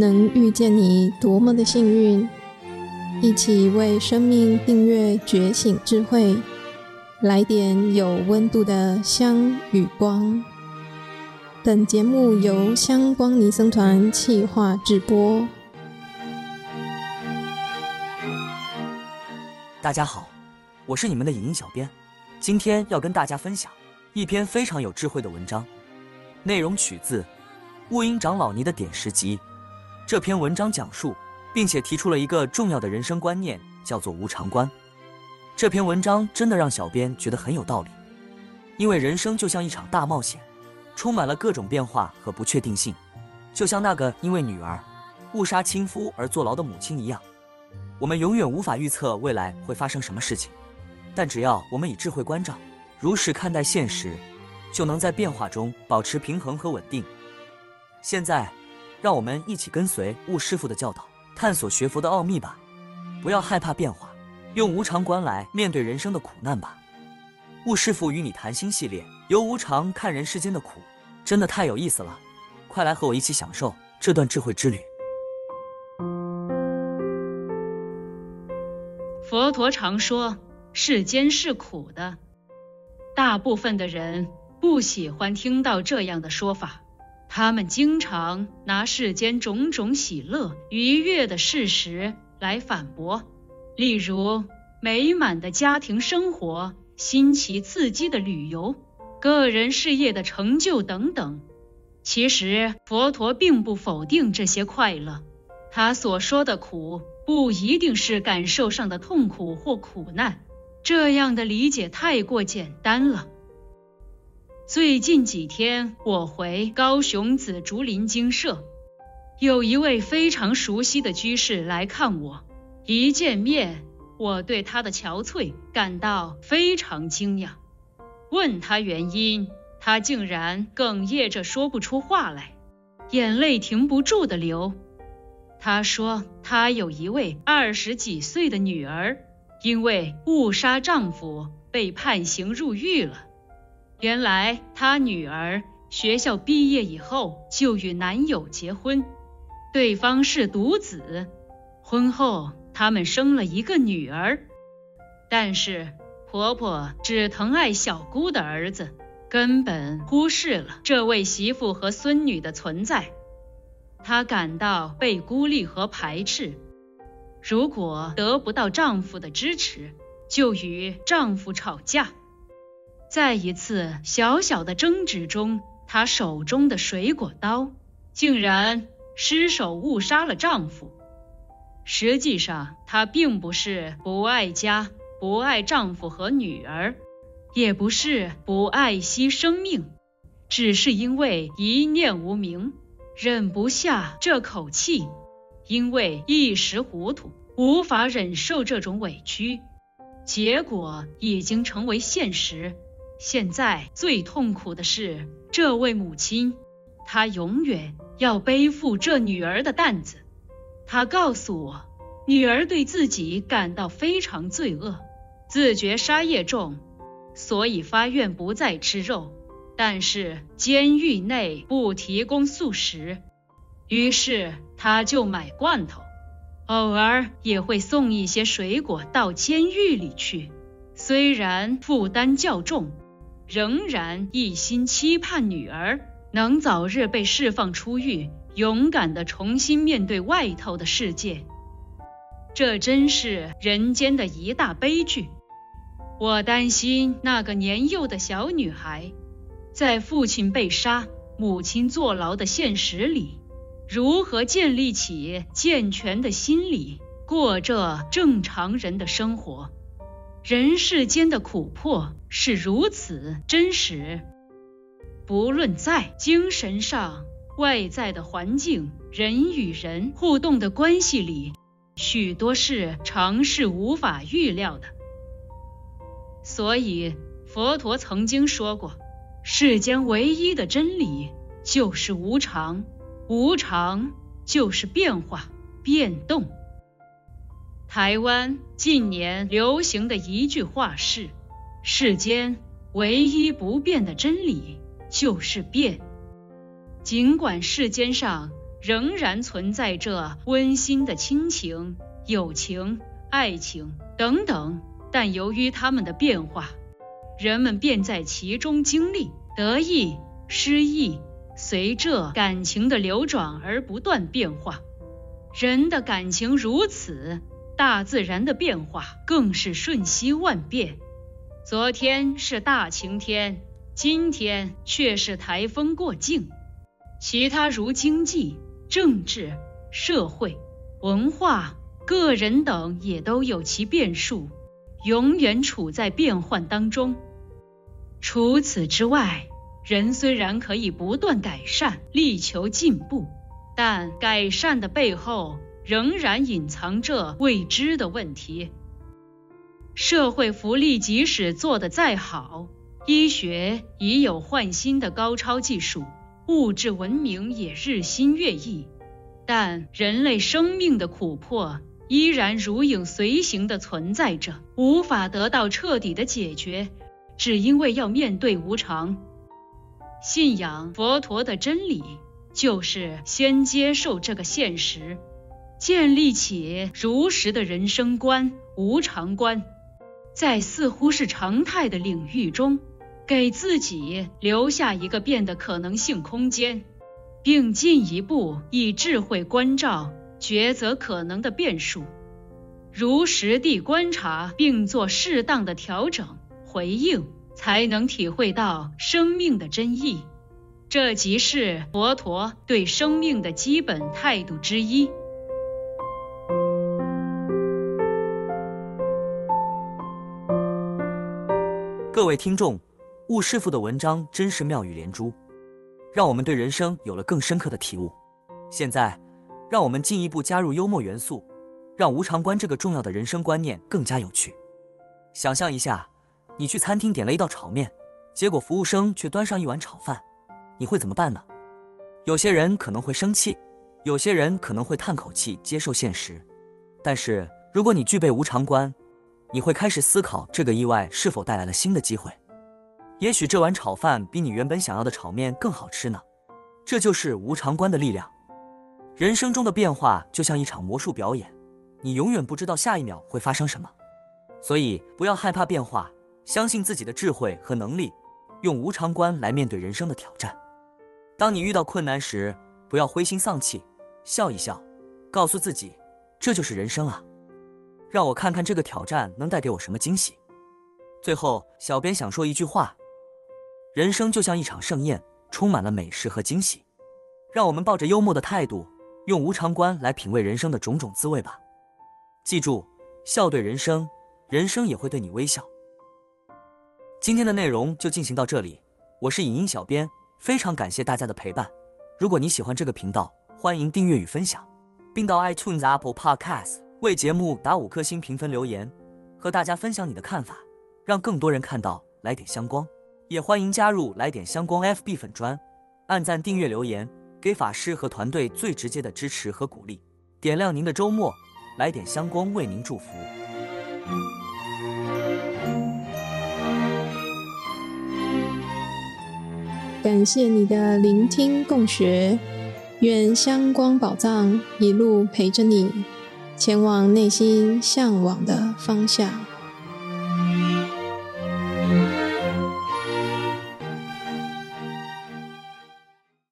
能遇見你多麼的幸運！一起為生命訂閱覺醒智慧，來點有溫度的香與光。本節目由香光尼僧團企劃製播。大家好，我是你們的影音小編，今天要跟大家分享一篇非常有智慧的文章，內容取自悟因長老尼的《點石集》。這篇文章講述，並且提出了一個重要的人生觀念，叫做無常觀。這篇文章真的讓小編覺得很有道理，因為人生就像一場大冒險，充滿了各種變化和不確定性。就像那個因為女兒誤殺親夫而坐牢的母親一樣，我們永遠無法預測未來會發生什麼事情。但只要我們以智慧觀照，如實看待現實，就能在變化中保持平衡和穩定。現在。讓我們一起跟隨悟師父的教導，探索學佛的奧秘吧。不要害怕變化，用無常觀來面對人生的苦難吧。悟師父與你談心系列，由無常看人世間的苦，真的太有意思了。快來和我一起享受這段智慧之旅。佛陀常說，世間是苦的。大部分的人不喜歡聽到這樣的說法。他們經常拿世間種種喜樂、愉悅的事實來反駁，例如美滿的家庭生活、新奇刺激的旅遊、個人事業的成就等等。其實佛陀並不否定這些快樂，他所說的苦不一定是感受上的痛苦或苦難，這樣的理解太過簡單了。最近幾天，我回高雄紫竹林精舍，有一位非常熟悉的居士來看我。一見面，我對他的憔悴感到非常驚訝，問他原因，他竟然哽咽着說不出話來，眼淚停不住的流。他說他有一位二十幾歲的女兒，因為誤殺丈夫被判刑入獄了。原來她女兒學校畢業以後就與男友結婚，對方是獨子，婚後他們生了一個女兒，但是婆婆只疼愛小姑的兒子，根本忽視了這位媳婦和孫女的存在，她感到被孤立和排斥，如果得不到丈夫的支持，就與丈夫吵架。在一次小小的爭執中，她手中的水果刀竟然失手誤殺了丈夫。實際上，她並不是不愛家、不愛丈夫和女兒，也不是不愛惜生命，只是因為一念無明，忍不下這口氣，因為一時糊塗，無法忍受這種委屈，結果已經成為現實。現在最痛苦的是這位母親，她永遠要背負這女兒的擔子。她告訴我，女兒對自己感到非常罪惡，自覺殺業重，所以發願不再吃肉。但是監獄內不提供素食，於是她就買罐頭，偶爾也會送一些水果到監獄裡去。雖然負擔較重。仍然一心期盼女兒能早日被釋放出獄，勇敢地重新面對外頭的世界。這真是人間的一大悲劇。我擔心那個年幼的小女孩，在父親被殺、母親坐牢的現實裡，如何建立起健全的心理，過着正常人的生活。人世間的苦迫是如此真實，不論在精神上、外在的環境、人與人互動的關係裡，許多事常是無法預料的。所以佛陀曾經說過，世間唯一的真理就是無常，無常就是變化、變動。台灣近年流行的一句話是：“世間唯一不變的真理就是變。”儘管世間上仍然存在着溫馨的親情、友情、愛情等等，但由於他們的變化，人們便在其中經歷得意、失意，隨着感情的流轉而不斷變化。人的感情如此。大自然的變化更是瞬息萬變，昨天是大晴天，今天卻是颱風過境。其他如經濟、政治、社會、文化、個人等也都有其變數，永遠處在變換當中。除此之外，人雖然可以不斷改善，力求進步，但改善的背後。仍然隱藏着未知的問題。社會福利即使做得再好，醫學已有換新的高超技術，物質文明也日新月異，但人類生命的苦迫依然如影隨形地存在着，無法得到徹底的解決，只因為要面對無常。信仰佛陀的真理，就是先接受這個現實。建立起如實的人生觀、無常觀，在似乎是常態的領域中，給自己留下一個變的可能性空間，並進一步以智慧觀照抉擇可能的變數，如實地觀察並做適當的調整回應，才能體會到生命的真意。這即是佛陀對生命的基本態度之一。各位聽眾，悟師父的文章真是妙語連珠，讓我們對人生有了更深刻的體悟。現在，讓我們進一步加入幽默元素，讓無常觀這個重要的人生觀念更加有趣。想象一下，你去餐廳點了一道炒麵，結果服務生卻端上一碗炒飯，你會怎麼辦呢？有些人可能會生氣，有些人可能會嘆口氣接受現實。但是，如果你具備無常觀，你會開始思考這個意外是否帶來了新的機會，也許這碗炒飯比你原本想要的炒麵更好吃呢。這就是無常觀的力量。人生中的變化就像一場魔術表演，你永遠不知道下一秒會發生什麼。所以不要害怕變化，相信自己的智慧和能力，用無常觀來面對人生的挑戰。當你遇到困難時，不要灰心喪氣，笑一笑，告訴自己，這就是人生啊。讓我看看這個挑戰能帶給我什麼驚喜。最後，小編想說一句話：人生就像一場盛宴，充滿了美食和驚喜。讓我們抱着幽默的態度，用無常觀來品味人生的種種滋味吧。記住，笑對人生，人生也會對你微笑。今天的內容就進行到這裡，我是影音小編，非常感謝大家的陪伴。如果你喜歡這個頻道，歡迎訂閱與分享，並到 iTunes Apple Podcast。為節目打五顆星評分，留言和大家分享你的看法，讓更多人看到。來點香光，也歡迎加入來點香光 FB 粉專，按讚、訂閱、留言，給法師和團隊最直接的支持和鼓勵，點亮您的周末。來點香光，為您祝福。感謝你的聆聽共學，願香光寶藏一路陪着你，前往內心嚮往的方向。